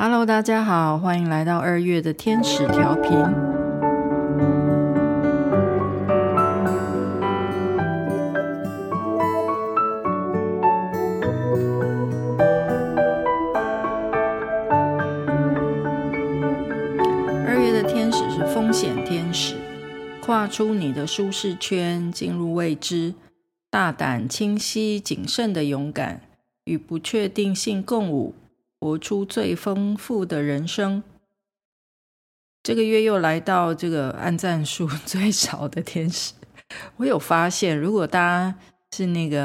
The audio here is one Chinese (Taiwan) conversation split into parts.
Hello，大家好，歡迎來到二月的天使調頻。二月的天使是風險天使，跨出你的舒適圈，進入未知，大膽、清晰、謹慎的勇敢，與不確定性共舞。活出最豐富的人生。這個月又來到這個按讚數最少的天使。我有發現，如果大家是那個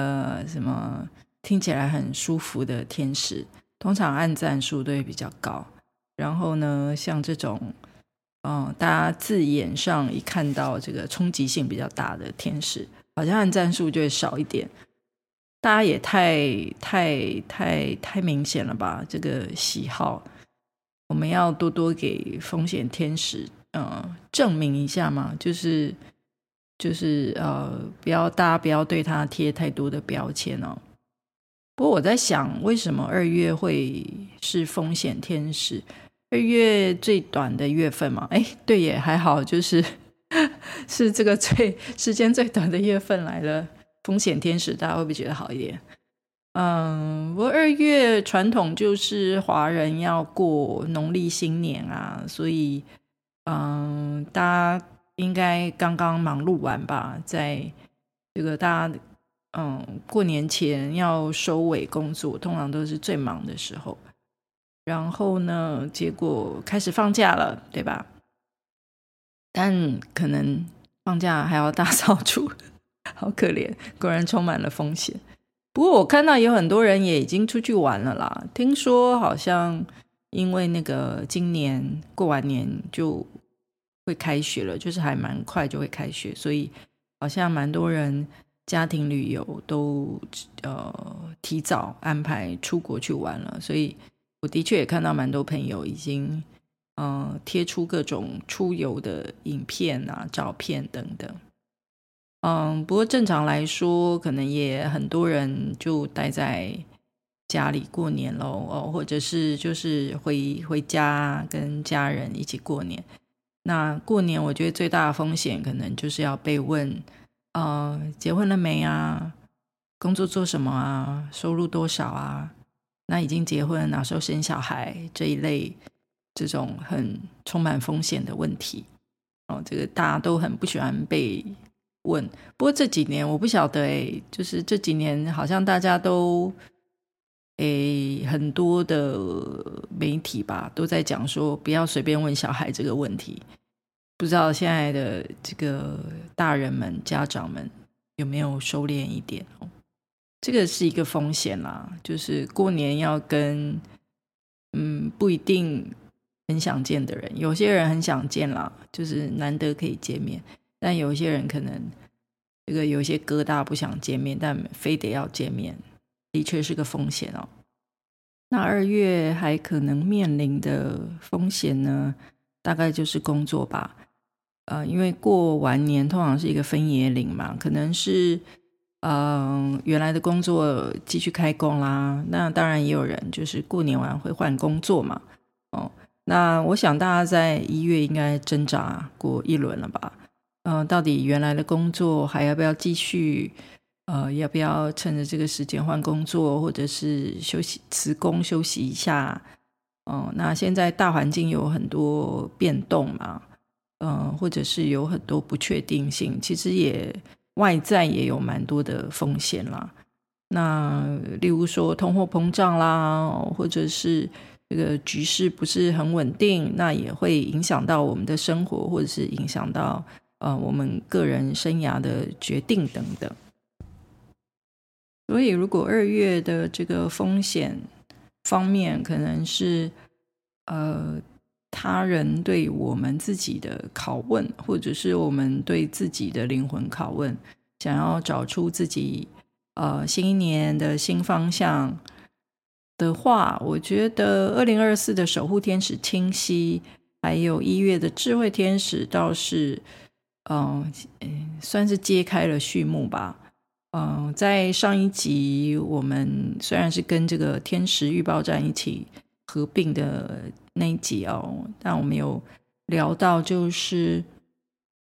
什麼聽起來很舒服的天使，通常按讚數都會比較高。然後呢，像這種，嗯、哦，大家字眼上一看到這個衝擊性比較大的天使，好像按讚數就會少一點。大家也太太太太明顯了吧？這個喜好，我們要多多給風險天使呃證明一下嘛，就是就是呃，不要大家不要對他貼太多的標籤哦。不過我在想，為什麼二月會是風險天使？二月最短的月份嘛？哎、欸，對耶，還好，就是是這個最時間最短的月份來了。風險天使，大家會不會覺得好一點？嗯，我二月傳統就是華人要過農曆新年啊，所以嗯，大家應該剛剛忙碌完吧，在這個大家嗯過年前要收尾工作，通常都是最忙的時候。然後呢，結果開始放假了，對吧？但可能放假還要大掃除。好可憐，果然充滿了風險。不過我看到有很多人也已經出去玩了啦。聽說好像因為那個今年過完年就會開學了，就是還蠻快就會開學，所以好像蠻多人家庭旅遊都呃提早安排出國去玩了。所以我的確也看到蠻多朋友已經嗯貼出各種出遊的影片啊、照片等等。嗯，不過正常來說，可能也很多人就待在家裡過年嘍，哦，或者是就是回回家跟家人一起過年。那過年我覺得最大的風險，可能就是要被問，呃，結婚了沒啊？工作做什麼啊？收入多少啊？那已經結婚，哪時候生小孩這一類，這種很充滿風險的問題，哦，這個大家都很不喜歡被。問，不過這幾年我不曉得哎，就是這幾年好像大家都，哎，很多的媒體吧都在講說不要隨便問小孩這個問題，不知道現在的這個大人們家長們有沒有收斂一點？哦，這個是一個風險啦，就是過年要跟，嗯，不一定很想見的人，有些人很想見啦，就是難得可以見面。但有一些人可能這個有些疙瘩不想見面，但非得要見面，的確是個風險哦。那二月還可能面臨的風險呢？大概就是工作吧。呃，因為過完年通常是一個分野嶺嘛，可能是嗯、呃，原來的工作繼續開工啦。那當然也有人就是過年完會換工作嘛。哦，那我想大家在一月應該掙扎過一輪了吧。嗯、呃，到底原來的工作還要不要繼續？呃，要不要趁着這個時間換工作，或者是休息、辭工休息一下？嗯、呃，那現在大環境有很多變動嘛，嗯、呃，或者是有很多不確定性，其實也外在也有蠻多的風險啦。那例如說通貨膨脹啦，或者是這個局勢不是很穩定，那也會影響到我們的生活，或者是影響到。呃，我們個人生涯的決定等等，所以如果二月的這個風險方面可能是呃他人對我們自己的拷問，或者是我們對自己的靈魂拷問，想要找出自己呃新一年的新方向的話，我覺得二零二四的守護天使清晰，還有一月的智慧天使倒是。嗯，算是揭開了序幕吧。嗯，在上一集我們雖然是跟這個天時預報站一起合併的那一集哦，但我們有聊到，就是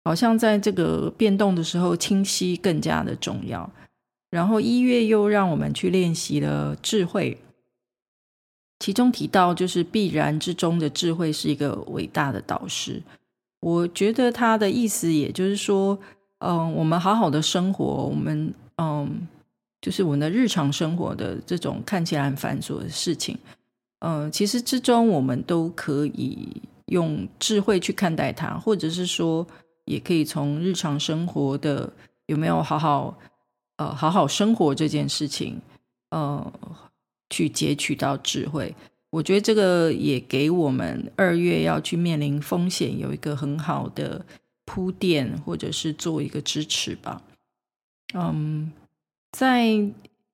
好像在這個變動的時候，清晰更加的重要。然後一月又讓我們去練習了智慧，其中提到就是必然之中的智慧是一個偉大的導師。我覺得他的意思，也就是說，嗯、呃，我們好好的生活，我們嗯、呃，就是我們的日常生活的這種看起來很繁瑣的事情，嗯、呃，其實之中我們都可以用智慧去看待它，或者是說，也可以從日常生活的有沒有好好呃好好生活這件事情，呃，去擷取到智慧。我覺得這個也給我們二月要去面臨風險有一個很好的鋪墊，或者是做一個支持吧。嗯、um，在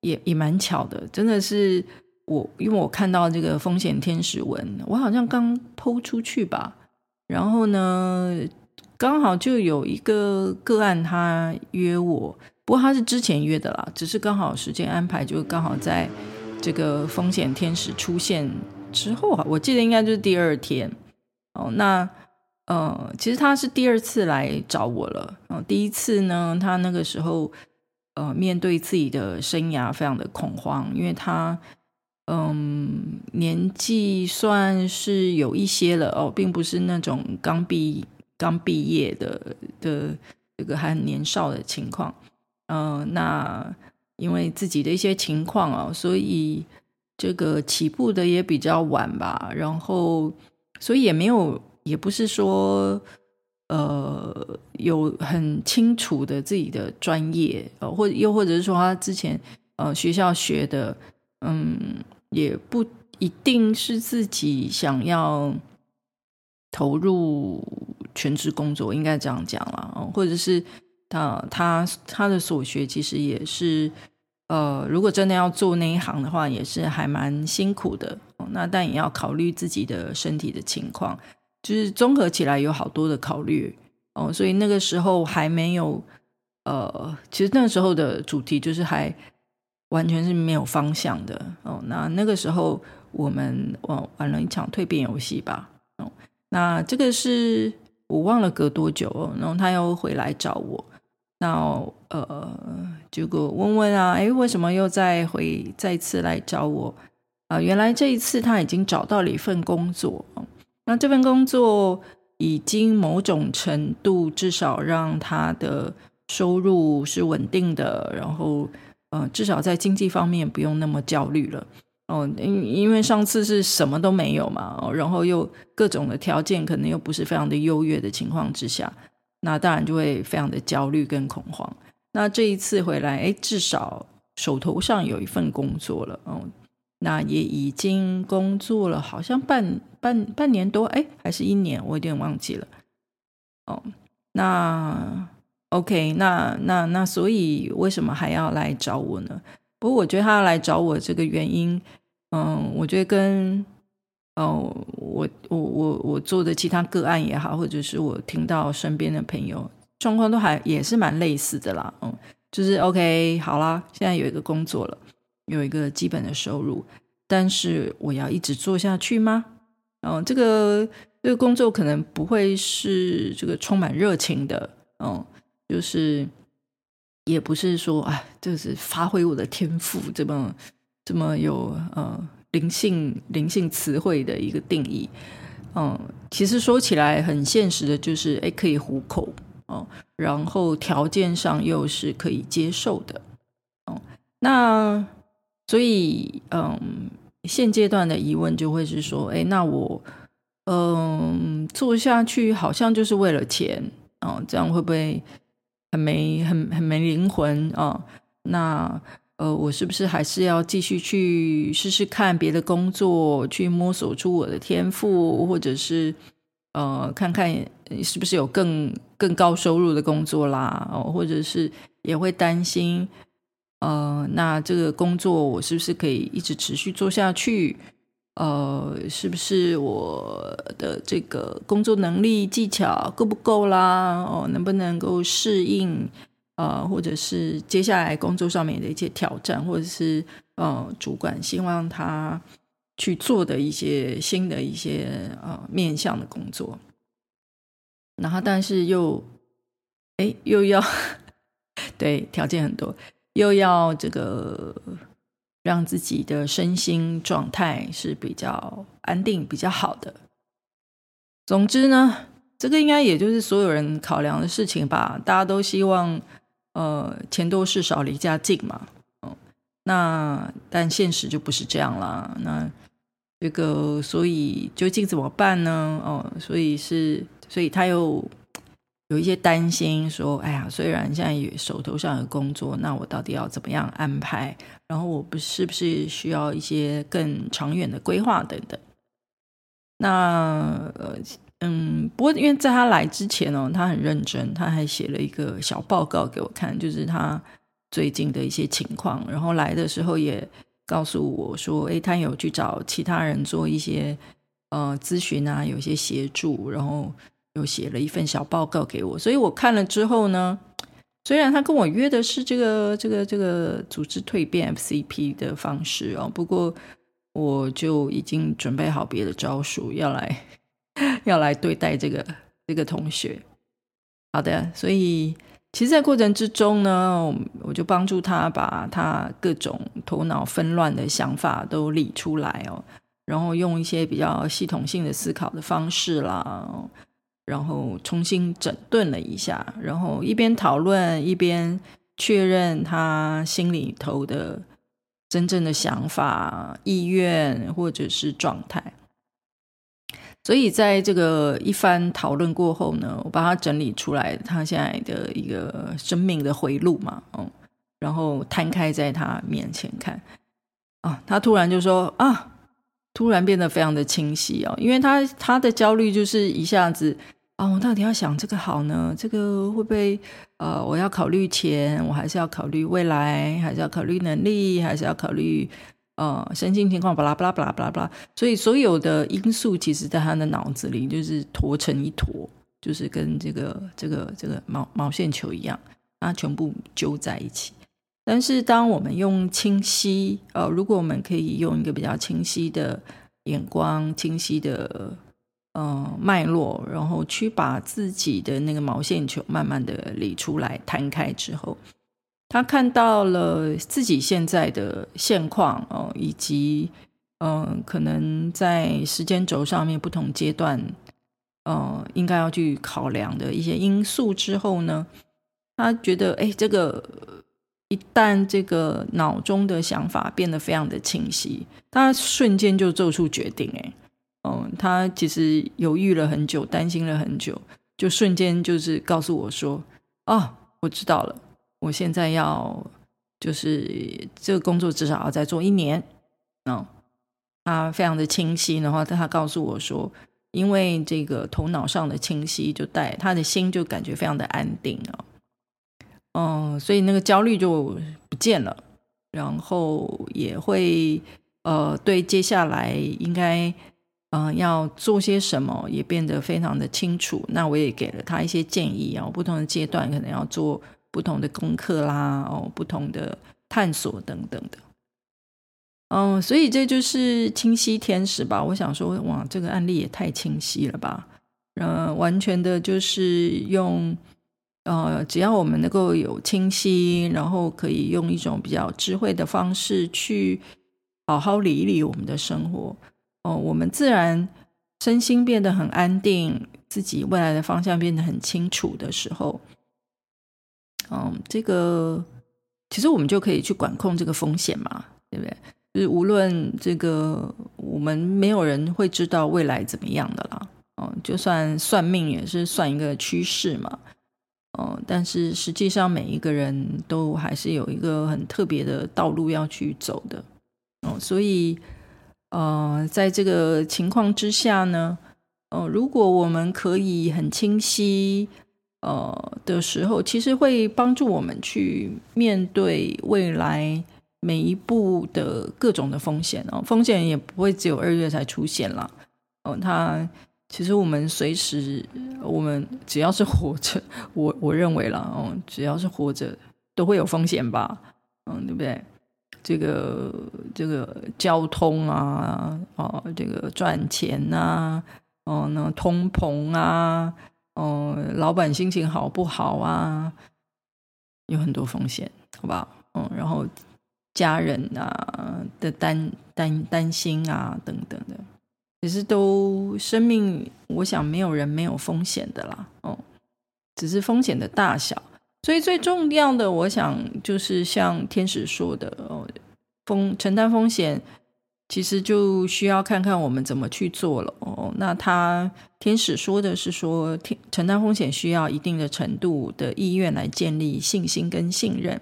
也也蠻巧的，真的是我因為我看到這個風險天使文，我好像剛 po 出去吧，然後呢，剛好就有一個個案他約我，不過他是之前約的啦，只是剛好時間安排就剛好在這個風險天使出現。之後啊，我記得應該就是第二天哦。那呃，其實他是第二次來找我了。嗯，第一次呢，他那個時候呃，面對自己的生涯非常的恐慌，因為他嗯、呃、年紀算是有一些了哦，並不是那種剛畢剛畢業的的這個還很年少的情況。嗯、呃，那因為自己的一些情況哦，所以。這個起步的也比較晚吧，然後所以也沒有，也不是說呃有很清楚的自己的專業，或者、呃、又或者是說他之前呃學校學的，嗯，也不一定是自己想要投入全職工作，應該這樣講了、呃，或者是他他他的所學其實也是。呃，如果真的要做那一行的話，也是還蠻辛苦的，哦。那但也要考慮自己的身體的情況，就是綜合起來有好多的考慮哦。所以那個時候還沒有呃，其實那時候的主題就是還完全是沒有方向的哦。那那個時候我們玩，哦，玩了一場蛻變遊戲吧，哦。那這個是我忘了隔多久哦，然後他又回來找我。那呃，這個問問啊，哎，為什麼又再回再次來找我啊、呃？原來這一次他已經找到了一份工作，那這份工作已經某種程度至少讓他的收入是穩定的，然後嗯、呃，至少在經濟方面不用那麼焦慮了。哦、呃，因因為上次是什麼都沒有嘛，然後又各種的條件可能又不是非常的優越的情況之下。那當然就會非常的焦慮跟恐慌。那這一次回來，哎，至少手頭上有一份工作了，哦，那也已經工作了，好像半半半年多，哎，還是一年，我有點忘記了。哦，那 OK，那那那，所以為什麼還要來找我呢？不過我覺得他要來找我這個原因，嗯，我覺得跟。哦，我我我我做的其他個案也好，或者是我聽到身邊的朋友狀況都還也是蠻類似的啦。嗯，就是 OK，好啦，現在有一個工作了，有一個基本的收入，但是我要一直做下去嗎？嗯，這個這個工作可能不會是這個充滿熱情的。嗯，就是也不是說啊，就是發揮我的天賦這麼這麼有呃。嗯靈性靈性詞彙的一個定義，嗯，其實說起來很現實的，就是哎，可以糊口哦，然後條件上又是可以接受的，哦，那所以嗯，現階段的疑問就會是說，哎，那我嗯呃，做下去好像就是為了錢啊，哦，這樣會不會很沒很很沒靈魂啊？哦，那呃，我是不是還是要繼續去試試看別的工作，去摸索出我的天賦，或者是呃，看看是不是有更更高收入的工作啦？哦，或者是也會擔心，呃，那這個工作我是不是可以一直持續做下去？呃，是不是我的這個工作能力技巧夠不夠啦？哦，能不能夠適應？呃，或者是接下來工作上面的一些挑戰，或者是呃，主管希望他去做的一些新的、一些呃面向的工作。然後，但是又哎、欸，又要 對條件很多，又要這個讓自己的身心狀態是比較安定、比較好的。總之呢，這個應該也就是所有人考量的事情吧，大家都希望。呃，錢多事少，離家近嘛，嗯、哦，那但現實就不是這樣了，那這個所以究竟怎麼辦呢？哦，所以是，所以他又有一些擔心，說，哎呀，雖然現在有手頭上有工作，那我到底要怎麼樣安排？然後我不是不是需要一些更長遠的規劃等等？那，呃嗯，不過因為在他來之前哦，他很認真，他還寫了一個小報告給我看,就是他最近的一些情況。然後來的時候也告訴我說，誒他有去找其他人做一些、呃、諮詢啊，有一些協助，然後又寫了一份小報告給我。所以我看了之後呢，雖然他跟我約的是這個這個這個組織蛻變 FCP 的方式哦，不過我就已經準備好別的招數要來。要來對待這個這個同學，好的，所以其實，在過程之中呢，我我就幫助他把他各種頭腦紛亂的想法都理出來哦，然後用一些比較系統性的思考的方式啦，然後重新整頓了一下，然後一邊討論一邊確認他心裡頭的真正的想法、意願或者是狀態。所以，在這個一番討論過後呢，我把它整理出來，他現在的一個生命的回路嘛，嗯，哦，然後攤開在他面前看，啊，哦，他突然就說啊，突然變得非常的清晰哦，因為他他的焦慮就是一下子啊，哦，我到底要想這個好呢？這個會不會，呃，我要考慮錢，我還是要考慮未來，還是要考慮能力，還是要考慮？呃，身心情況，巴拉巴拉巴拉巴拉巴拉，所以所有的因素，其實在他的腦子裡就是坨成一坨，就是跟這個這個這個毛毛線球一樣，它全部揪在一起。但是，當我們用清晰，呃，如果我們可以用一個比較清晰的眼光、清晰的嗯、呃、脈絡，然後去把自己的那個毛線球慢慢地理出來、攤開之後。他看到了自己現在的現況哦，以及嗯、呃，可能在時間軸上面不同階段，呃，應該要去考量的一些因素之後呢，他覺得哎、欸，這個一旦這個腦中的想法變得非常的清晰，他瞬間就做出決定、欸，誒。嗯，他其實猶豫了很久，擔心了很久，就瞬間就是告訴我說，哦，我知道了。我現在要就是這個工作至少要再做一年。嗯、哦，他非常的清晰的話，然後他告訴我說，因為這個頭腦上的清晰，就帶他的心就感覺非常的安定了、哦，嗯，所以那個焦慮就不見了，然後也會呃對接下來應該嗯、呃、要做些什麼也變得非常的清楚。那我也給了他一些建議然後、哦、不同的階段可能要做。不同的功課啦，哦，不同的探索等等的，嗯，所以這就是清晰天使吧？我想說，哇，這個案例也太清晰了吧！嗯、呃，完全的就是用，呃，只要我們能夠有清晰，然後可以用一種比較智慧的方式去好好理一理我們的生活，哦、嗯，我們自然身心變得很安定，自己未來的方向變得很清楚的時候。嗯，這個其實我們就可以去管控這個風險嘛，對不對？就是無論這個，我們沒有人會知道未來怎麼樣的啦。嗯，就算算命也是算一個趨勢嘛。嗯，但是實際上每一個人都還是有一個很特別的道路要去走的。嗯，所以嗯，呃，在這個情況之下呢，嗯，如果我們可以很清晰。呃，的時候其實會幫助我們去面對未來每一步的各種的風險哦，風險也不會只有二月才出現了哦。它其實我們隨時，我們只要是活着，我我認為啦哦，只要是活着都會有風險吧，嗯，對不對？這個這個交通啊，哦，這個賺錢啊哦，那通膨啊。嗯、哦，老闆心情好不好啊？有很多風險，好不好？嗯，然後家人啊的擔擔擔心啊等等的，其實都生命。我想沒有人沒有風險的啦，哦，只是風險的大小。所以最重要的，我想就是像天使說的哦，風承擔風險。其實就需要看看我們怎麼去做了哦。那他天使說的是說，承擔風險需要一定的程度的意願來建立信心跟信任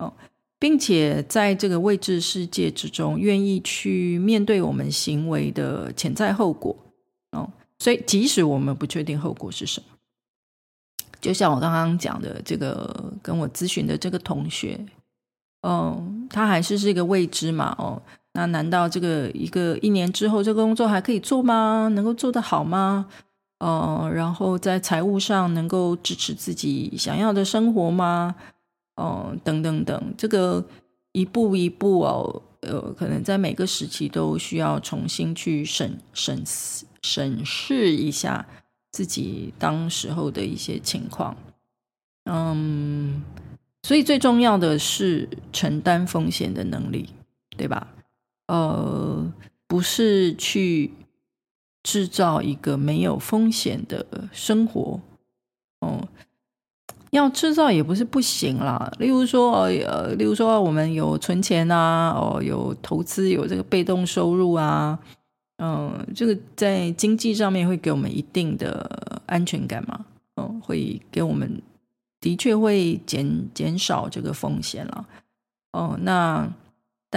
哦，並且在這個未知世界之中，願意去面對我們行為的潛在後果哦。所以即使我們不確定後果是什麼，就像我剛剛講的，這個跟我諮詢的這個同學，哦，他還是這個未知嘛哦。那難道這個一個一年之後，這個工作還可以做嗎？能夠做得好嗎？哦、呃，然後在財務上能夠支持自己想要的生活嗎？哦、呃，等等等，這個一步一步哦，呃，可能在每個時期都需要重新去審審審視一下自己當時候的一些情況。嗯，所以最重要的是承擔風險的能力，對吧？呃，不是去製造一個沒有風險的生活，哦，要製造也不是不行啦。例如說，呃，例如說，我們有存錢啊，哦，有投資，有這個被動收入啊，嗯、呃，這個在經濟上面會給我們一定的安全感嘛，哦、呃，會給我們的確會減減少這個風險了，哦、呃，那。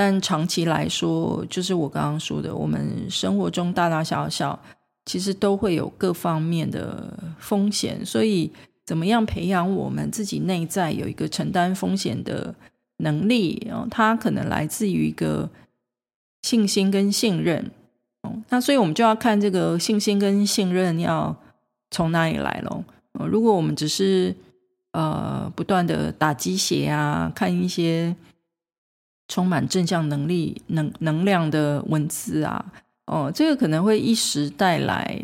但長期來說，就是我剛剛說的，我們生活中大大小小，其實都會有各方面的風險。所以，怎麼樣培養我們自己內在有一個承擔風險的能力？它可能來自於一個信心跟信任。那所以我們就要看這個信心跟信任要從哪裡來咯。如果我們只是呃，不斷的打雞血啊，看一些，充滿正向能力、能能量的文字啊，哦、呃，這個可能會一時帶來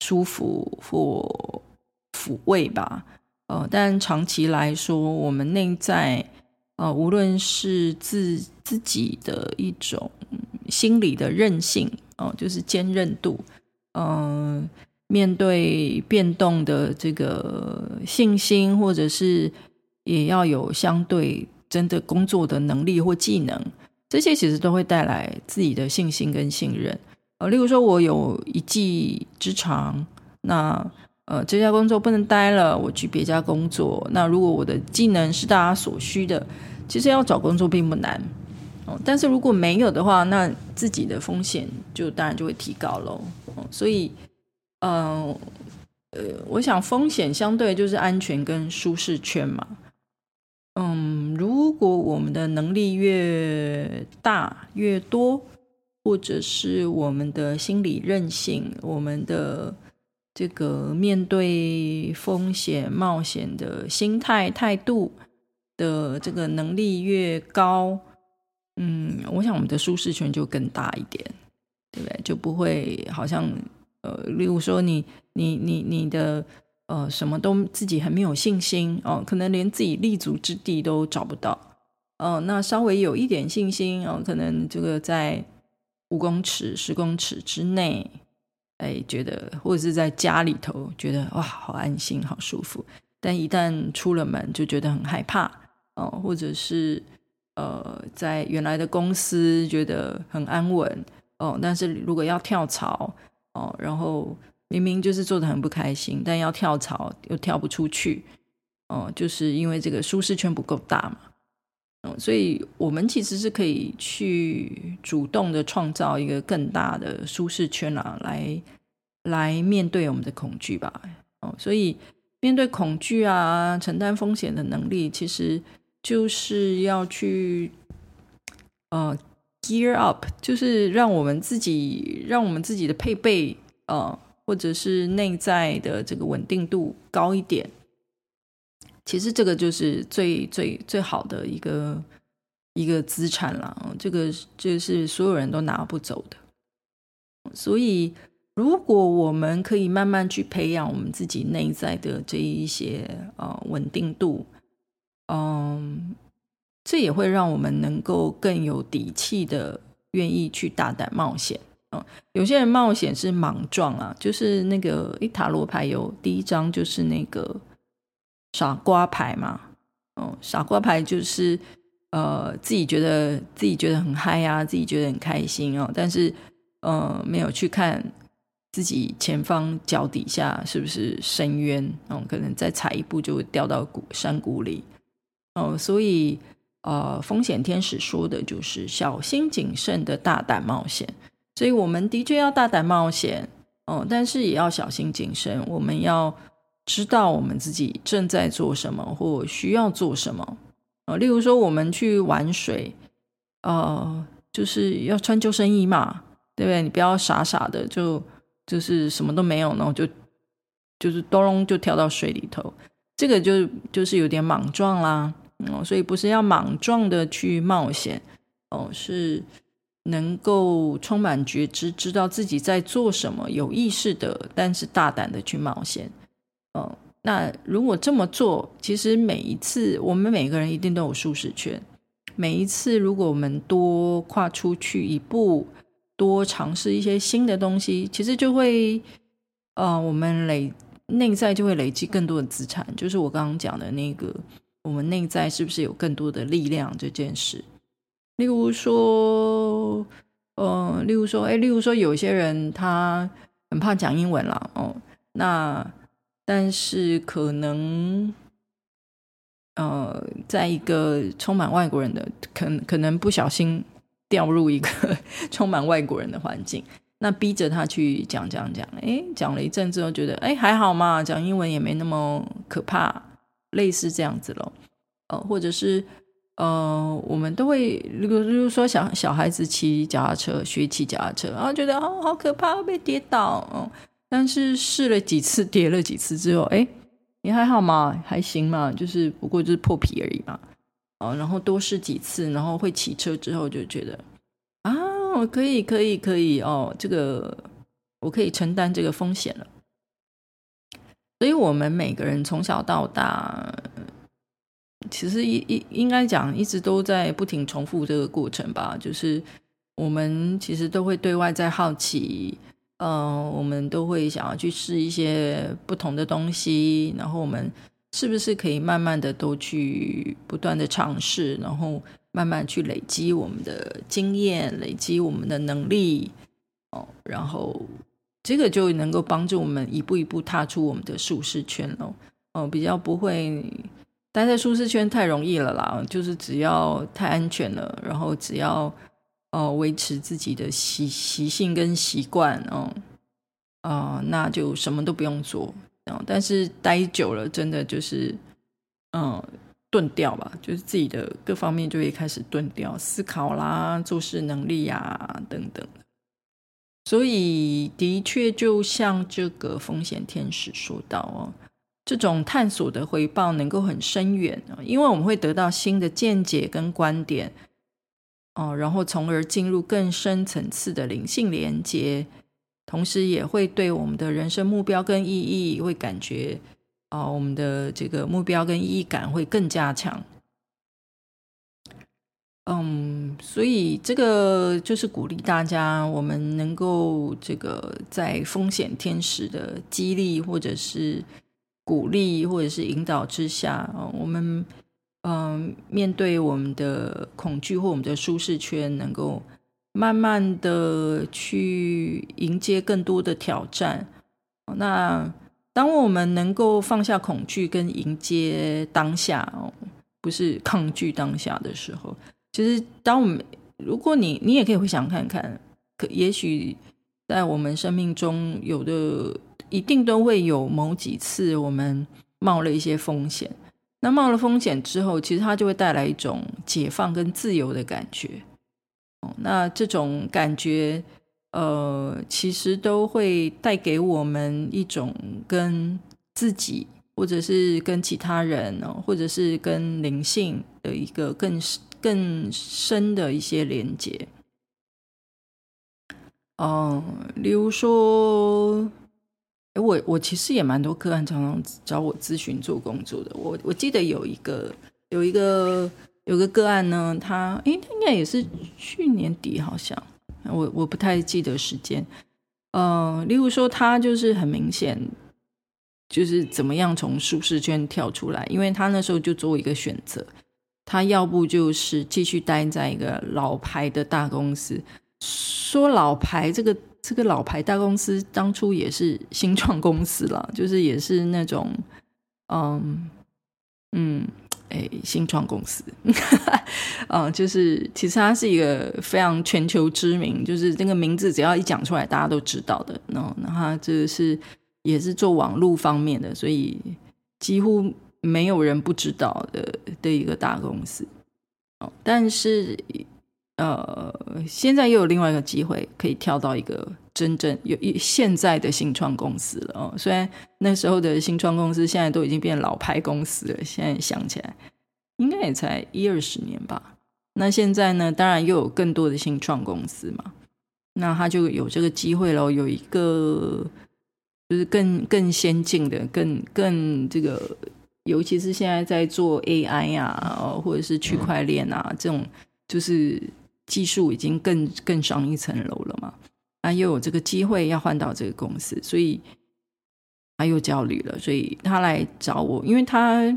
舒服或撫慰吧、呃，但長期來說，我們內在呃，無論是自自己的一種心理的韌性哦、呃，就是堅韌度，嗯、呃，面對變動的這個信心，或者是也要有相對。真的工作的能力或技能，這些其實都會帶來自己的信心跟信任。哦、呃，例如說，我有一技之長，那呃，這家工作不能待了，我去別家工作。那如果我的技能是大家所需的，其實要找工作並不難。哦，但是如果沒有的話，那自己的風險就當然就會提高嘍、哦。所以，嗯、呃，呃，我想風險相對就是安全跟舒適圈嘛。嗯，如果我們的能力越大越多，或者是我們的心理韌性、我們的這個面對風險、冒險的心態、態度的這個能力越高，嗯，我想我們的舒適圈就更大一點，對不對？就不會好像呃，例如說你、你、你、你的。呃，什麼都自己很沒有信心哦，可能連自己立足之地都找不到。哦，那稍微有一點信心哦，可能這個在五公尺、十公尺之內，哎，覺得或者是在家裡頭覺得哇，好安心，好舒服。但一旦出了門，就覺得很害怕哦，或者是呃，在原來的公司覺得很安穩哦，但是如果要跳槽哦，然後。明明就是做得很不開心，但要跳槽又跳不出去，哦、呃，就是因為這個舒適圈不夠大嘛，嗯、呃，所以我們其實是可以去主動的創造一個更大的舒適圈啊，來來面對我們的恐懼吧，嗯、呃，所以面對恐懼啊，承擔風險的能力，其實就是要去，呃，gear up，就是讓我們自己，讓我們自己的配備，呃。或者是內在的這個穩定度高一點，其實這個就是最最最好的一個一個資產了。這個就是所有人都拿不走的。所以，如果我們可以慢慢去培養我們自己內在的這一些呃穩定度，嗯，這也會讓我們能夠更有底氣的願意去大膽冒險。哦，有些人冒險是莽撞啊，就是那個一塔羅牌有第一張就是那個傻瓜牌嘛。哦，傻瓜牌就是呃自己覺得自己覺得很嗨啊，自己覺得很開心哦，但是呃沒有去看自己前方腳底下是不是深淵哦，可能再踩一步就會掉到谷山谷裡哦。所以呃，風險天使說的就是小心謹慎的大膽冒險。所以，我們的確要大膽冒險，哦，但是也要小心謹慎。我們要知道我們自己正在做什麼，或需要做什麼，哦，例如說，我們去玩水，呃，就是要穿救生衣嘛，對不對？你不要傻傻的，就就是什麼都沒有呢，就就是咚咚就跳到水裡頭，這個就就是有點莽撞啦，嗯，所以不是要莽撞的去冒險，哦，是。能夠充滿覺知，知道自己在做什麼，有意識的，但是大膽的去冒險。哦、嗯，那如果這麼做，其實每一次我們每個人一定都有舒適圈。每一次如果我們多跨出去一步，多嘗試一些新的東西，其實就會呃，我們累，內在就會累積更多的資產。就是我剛剛講的那個，我們內在是不是有更多的力量這件事？例如說。哦、呃，例如說，哎，例如說，有些人他很怕講英文啦，哦，那但是可能，呃，在一個充滿外國人的，可能可能不小心掉入一個 充滿外國人的環境，那逼着他去講講講，哎，講了一陣之後，覺得哎還好嘛，講英文也沒那麼可怕，類似這樣子咯，哦、呃，或者是。呃，我們都會，如果如果，說，小小孩子騎腳踏車，學騎腳踏車啊，然後覺得哦，好可怕，被跌倒。哦、但是試了幾次，跌了幾次之後，哎、欸，你還好嗎？還行嘛？就是不過就是破皮而已嘛。哦、然後多試幾次，然後會騎車之後，就覺得啊，可以，可以，可以哦，這個我可以承擔這個風險了。所以，我們每個人從小到大。其實一，應應應該講，一直都在不停重複這個過程吧。就是我們其實都會對外在好奇，嗯、呃，我們都會想要去試一些不同的東西。然後，我們是不是可以慢慢的都去不斷的嘗試，然後慢慢去累積我們的經驗，累積我們的能力哦？然後，這個就能夠幫助我們一步一步踏出我們的舒適圈嘍。哦，比較不會。待在舒適圈太容易了啦，就是只要太安全了，然後只要哦、呃、維持自己的習習性跟習慣哦啊、呃呃，那就什麼都不用做。呃、但是待久了，真的就是嗯鈍、呃、掉吧，就是自己的各方面就會開始鈍掉，思考啦、做事能力呀、啊、等等。所以的確，就像這個風險天使說到哦。這種探索的回報能夠很深遠，因為我們會得到新的見解跟觀點哦，然後從而進入更深層次的靈性連接，同時也會對我們的人生目標跟意義會感覺啊，我們的這個目標跟意義感會更加強。嗯，所以這個就是鼓勵大家，我們能夠這個在風險天使的激勵或者是。鼓勵或者是引導之下，我們嗯、呃，面對我們的恐懼或我們的舒適圈，能夠慢慢的去迎接更多的挑戰。那當我們能夠放下恐懼，跟迎接當下哦，不是抗拒當下的時候，其實，當我們如果你你也可以回想看看，可也許在我們生命中有的。一定都會有某幾次我們冒了一些風險，那冒了風險之後，其實它就會帶來一種解放跟自由的感覺。那這種感覺，呃，其實都會帶給我們一種跟自己，或者是跟其他人，或者是跟靈性的一個更更深的一些連接。嗯、呃，例如說。我我其實也蠻多個案，常常找我諮詢做工作的。我我記得有一個有一個有個個案呢，他誒，他應該也是去年底，好像我我不太記得時間。呃，例如說，他就是很明顯，就是怎麼樣從舒適圈跳出來，因為他那時候就做一個選擇，他要不就是繼續待在一個老牌的大公司，說老牌這個。這個老牌大公司當初也是新創公司了，就是也是那種，嗯嗯，哎、欸，新創公司， 嗯，就是其實它是一個非常全球知名，就是這個名字只要一講出來，大家都知道的。然後它、就是，它這是也是做網絡方面的，所以幾乎沒有人不知道的的一個大公司。嗯、但是。呃，現在又有另外一個機會，可以跳到一個真正有一現在的新創公司了哦。雖然那時候的新創公司現在都已經變老牌公司了，現在想起來應該也才一二十年吧。那現在呢，當然又有更多的新創公司嘛，那他就有這個機會咯，有一個就是更更先進的、更更這個，尤其是現在在做 AI 啊，或者是區塊鏈啊這種，就是。技術已經更更上一層樓了嘛，那又有這個機會要換到這個公司，所以他又焦慮了，所以他來找我。因為他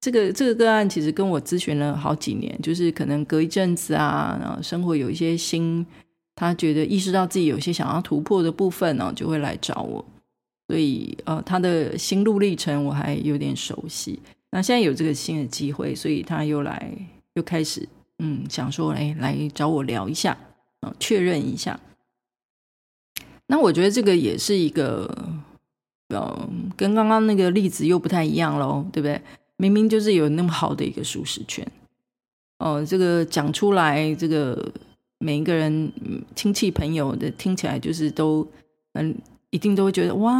這個這個個案其實跟我諮詢了好幾年，就是可能隔一陣子啊，然後生活有一些新，他覺得意識到自己有些想要突破的部分呢、哦，就會來找我。所以呃，他的心路歷程我還有點熟悉。那現在有這個新的機會，所以他又來，又開始。嗯，想說，哎、欸，來找我聊一下，嗯、哦，確認一下。那我覺得這個也是一個，嗯、哦，跟剛剛那個例子又不太一樣嘍，對不對？明明就是有那麼好的一個舒適圈，哦，這個講出來，這個每一個人親戚朋友的聽起來就是都，嗯，一定都會覺得哇，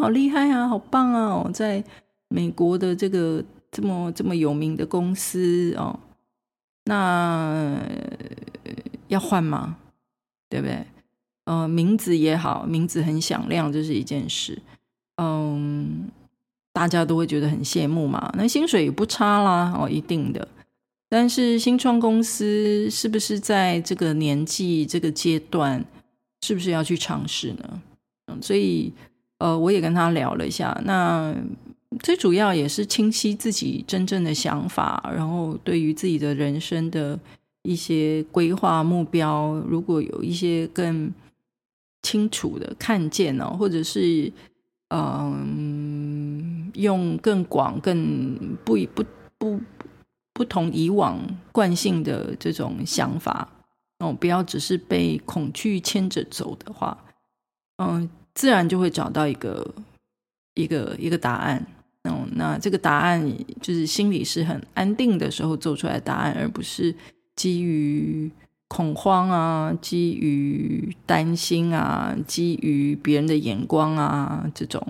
好厲害啊，好棒啊、哦，在美國的這個這麼這麼有名的公司哦。那、呃、要換嗎？對不對？呃，名字也好，名字很響亮，這是一件事。嗯、呃，大家都會覺得很羨慕嘛。那薪水也不差啦，哦，一定的。但是新創公司是不是在這個年紀、這個階段，是不是要去嘗試呢？嗯，所以呃，我也跟他聊了一下。那最主要也是清晰自己真正的想法，然後對於自己的人生的一些規劃目標，如果有一些更清楚的看見呢，哦，或者是嗯，用更廣、更不不不不同以往慣性的這種想法，哦，不要只是被恐懼牽着走的話，嗯，自然就會找到一個一個一個答案。嗯、哦，那這個答案就是心裡是很安定的時候做出來的答案，而不是基於恐慌啊，基於擔心啊，基於別人的眼光啊這種，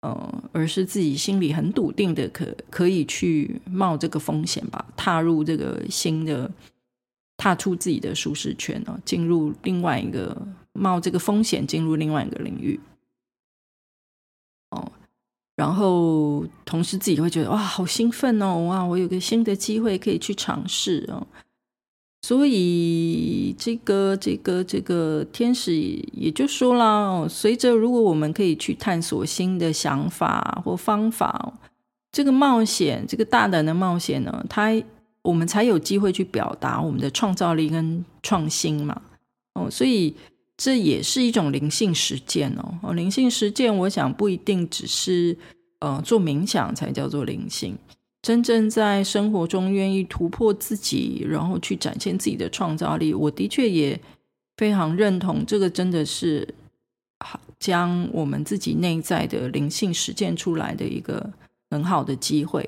嗯、呃，而是自己心裡很篤定的可，可可以去冒這個風險吧，踏入這個新的，踏出自己的舒適圈哦、啊，進入另外一個冒這個風險，進入另外一個領域。然後，同時自己會覺得哇，好興奮哦！哇，我有個新的機會可以去嘗試哦。所以，這個、這個、這個天使也就說了，隨着如果我們可以去探索新的想法或方法，這個冒險、這個大膽的冒險呢，它我們才有機會去表達我們的創造力跟創新嘛。哦，所以。這也是一種靈性實踐哦。哦，靈性實踐，我想不一定只是，呃，做冥想才叫做靈性。真正在生活中願意突破自己，然後去展現自己的創造力，我的確也非常認同。這個真的是，將我們自己內在的靈性實踐出來的一個很好的機會。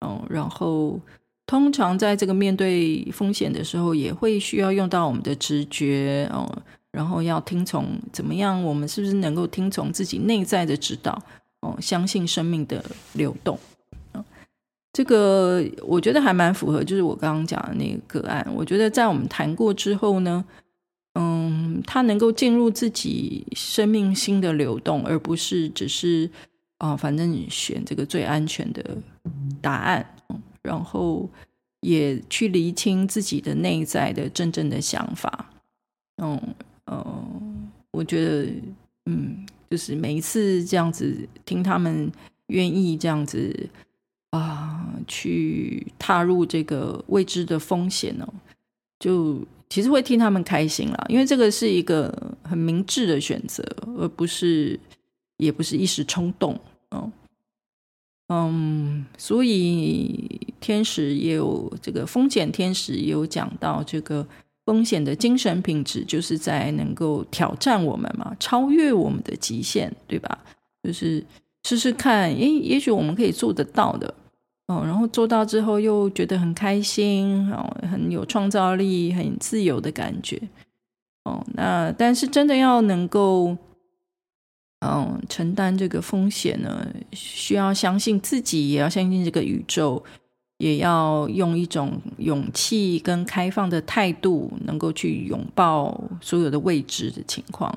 嗯、哦，然後通常在這個面對風險的時候，也會需要用到我們的直覺。哦然後要聽從怎麼樣？我們是不是能夠聽從自己內在的指導？嗯、相信生命的流動、嗯。這個我覺得還蠻符合，就是我剛剛講的那個個案。我覺得在我們談過之後呢，嗯，他能夠進入自己生命新的流動，而不是只是啊，反正你選這個最安全的答案、嗯。然後也去釐清自己的內在的真正的想法。嗯。嗯，我覺得，嗯，就是每一次這樣子聽他們願意這樣子啊，去踏入這個未知的風險呢、哦，就其實會替他們開心啦，因為這個是一個很明智的選擇，而不是也不是一時衝動哦。嗯，所以天使也有這個風險，天使也有講到這個。風險的精神品質，就是在能夠挑戰我們嘛，超越我們的極限，對吧？就是試試看，誒，也許我們可以做得到的哦。然後做到之後，又覺得很開心，哦，很有創造力，很自由的感覺，哦。那但是真的要能夠，嗯，哦，承擔這個風險呢，需要相信自己，也要相信這個宇宙。也要用一種勇氣跟開放的態度，能夠去擁抱所有的未知的情況。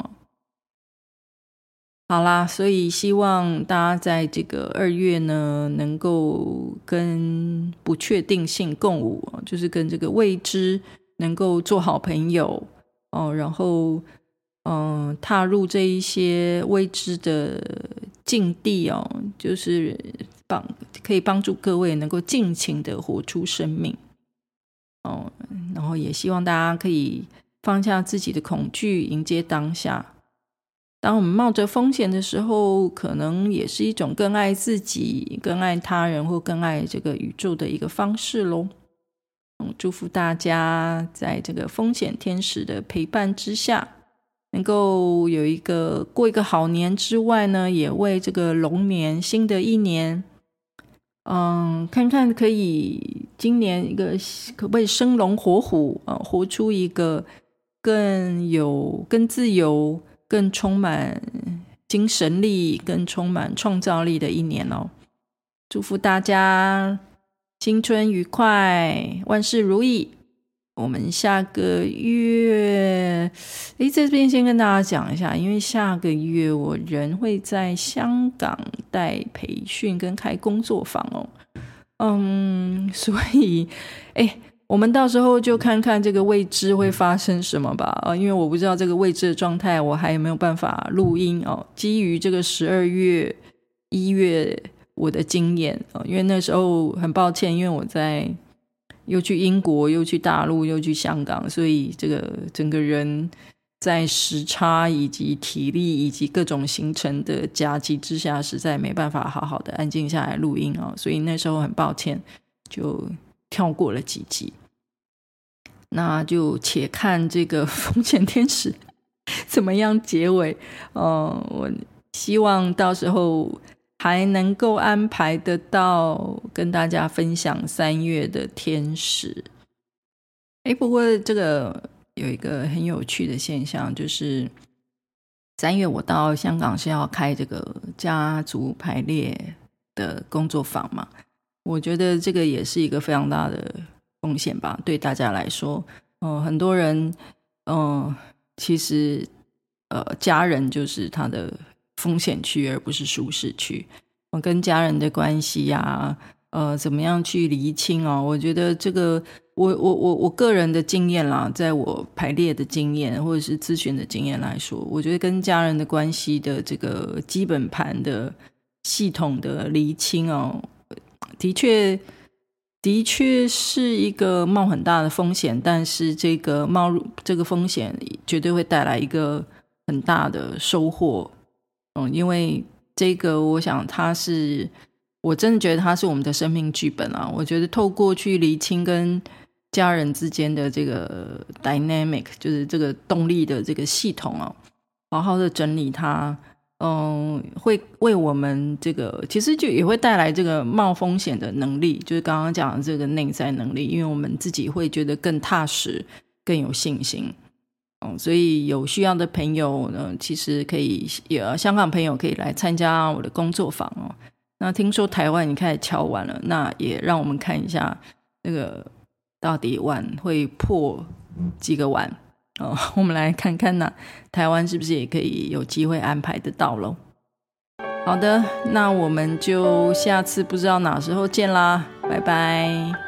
好啦，所以希望大家在這個二月呢，能夠跟不確定性共舞，就是跟這個未知能夠做好朋友哦。然後，嗯、呃，踏入這一些未知的境地哦，就是。幫可以幫助各位能夠盡情的活出生命哦，然後也希望大家可以放下自己的恐懼，迎接當下。當我們冒着風險的時候，可能也是一種更愛自己、更愛他人或更愛這個宇宙的一個方式咯。祝福大家在這個風險天使的陪伴之下，能夠有一個過一個好年之外呢，也為這個龍年新的一年。嗯，看看可以今年一個可不可以生龍活虎啊，活出一個更有、更自由、更充滿精神力、更充滿創造力的一年哦！祝福大家新春愉快，萬事如意。我們下個月，哎，這邊先跟大家講一下，因為下個月我人會在香港帶培訓跟開工作坊哦，嗯，所以，哎，我們到時候就看看這個未知會發生什麼吧。啊、哦，因為我不知道這個未知的狀態，我還有沒有辦法錄音哦。基於這個十二月、一月我的經驗哦，因為那時候很抱歉，因為我在。又去英國，又去大陸，又去香港，所以這個整個人在時差以及體力以及各種行程的夾擊之下，實在沒辦法好好的安靜下來錄音哦。所以那時候很抱歉，就跳過了幾集。那就且看這個《風險天使》怎麼樣結尾，呃，我希望到時候。還能夠安排得到跟大家分享三月的天使誒，不過這個有一個很有趣的現象，就是三月我到香港是要開這個家族排列的工作坊嘛。我覺得這個也是一個非常大的風險吧，對大家來說，呃、很多人，嗯、呃，其實，呃，家人就是他的風險區，而不是舒適區。我跟家人的關係呀，啊，呃，怎麼樣去釐清哦？我覺得這個，我我我我個人的經驗啦，在我排列的經驗或者是諮詢的經驗來說，我覺得跟家人的關係的這個基本盤的系統的釐清哦，的確，的確是一個冒很大的風險，但是這個冒入這個風險，絕對會帶來一個很大的收穫。嗯，因為這個，我想它是，我真的覺得它是我們的生命劇本啊。我覺得透過去釐清跟家人之間的這個 dynamic，就是這個動力的這個系統啊，好好的整理它，嗯，會為我們這個其實就也會帶來這個冒風險的能力，就是剛剛講的這個內在能力，因為我們自己會覺得更踏實，更有信心。所以有需要的朋友呢，其實可以，有香港朋友可以來參加我的工作坊哦。那聽說台灣已經開始敲碗了，那也讓我們看一下那個到底碗會破幾個碗哦。我們來看看呢，台灣是不是也可以有機會安排得到嘍？好的，那我們就下次不知道哪時候見啦，拜拜。